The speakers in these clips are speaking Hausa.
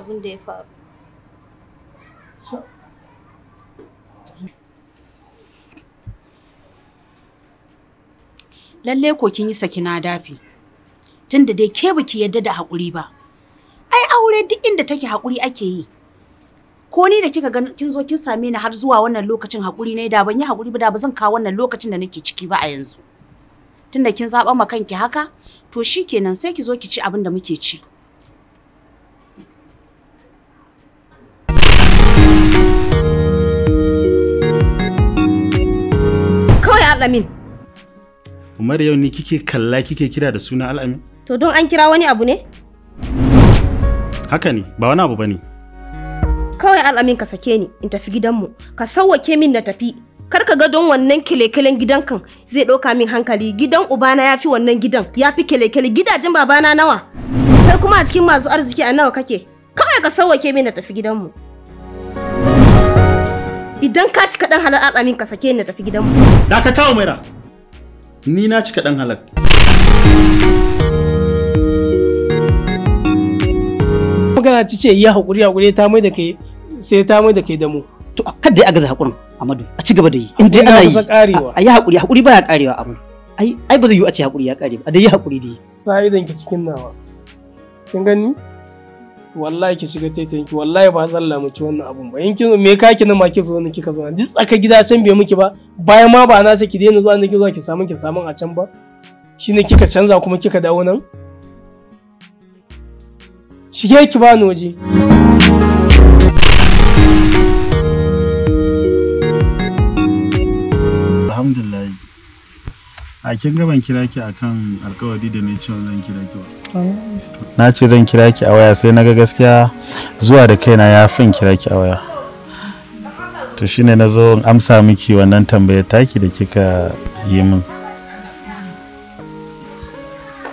abin da ya faru. Lallai ko kin yi saki na dafi, tunda dai ke baki yadda da haƙuri ba. Ai aure duk inda take haƙuri ake yi. Ko ni da kika gan kin zo kin same ni har zuwa wannan lokacin haƙuri ne da ban yi haƙuri ba da ba zan kawo wannan lokacin da nake ciki ba a yanzu. Tunda kin zaɓa ma kanki haka, to shikenan sai ki zo ki ci abin da muke ci. al'amin. Umar yau ni kike kalla kike kira da suna al'amin? To don an kira wani abu ne? Haka ne, ba wani abu bane Kawai al'amin ka sake ni in tafi gidanmu, ka sauwake min na tafi. Kar ka ga don wannan kilekilen gidan kan zai ɗauka min hankali gidan ubana ya fi wannan gidan ya fi kilekele gidajen babana nawa. Kai kuma a cikin masu arziki a nawa kake? Kawai ka sauwake min na tafi gidanmu. Idan ka cika dan halal atsamin ka sake ni tafi gidan mu. Dakatawa Maira. Ni na cika dan halal. Magana ci ce ya hakuri hakuri ta mai da kai sai ta mai da kai da mu. To kar dai a gaza hakurin Amadu a ci gaba da yi. In dai ana yi. A yi hakuri hakuri baya karewa Amadu. Ai ai ba zai yi a ce hakuri ya kare ba a dai yi hakuri dai. Sai idan ki cikin nawa. Kin gani? wallahi ki shiga taitayin wallahi ba zan lamuci wannan abun ba in kin me ka ki na ma ki zo ni kika zo duk tsaka gida can bai miki ba bayan ma ba na sai ki daina zuwa ki zuwa ki samu ki samu a can ba shine kika canza kuma kika dawo nan shige ki ba ni waje alhamdulillah a kin gaban kira ki akan alkawari da ne cewa zan kira ki na ce zan kira ki a waya sai naga gaskiya zuwa da kaina ya fin kira ki a waya to shine na zo an amsa miki wannan tambayar taki da kika yi min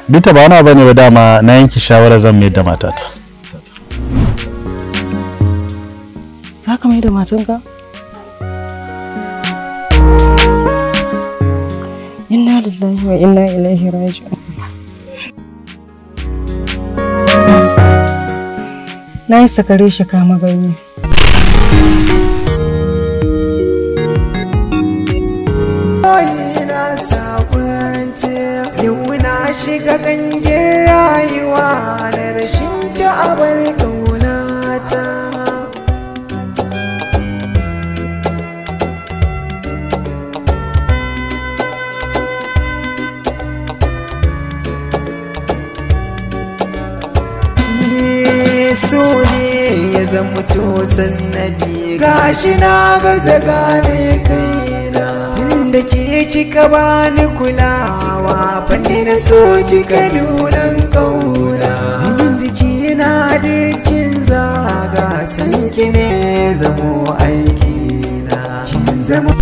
bita ba na bane ba dama na yanki shawara zan mai da matata ka mai da matanka inna lillahi wa inna ilaihi raji'un na yi sakare shi kama ganye shiga ganyen rayuwa so ne ya zama so sannadi gashi na gaza gane kaina tunda ke kika bani kulawa fanni na so kika nunan kauna jinin jiki na dukkin zaga san ki ne zamo aiki na zama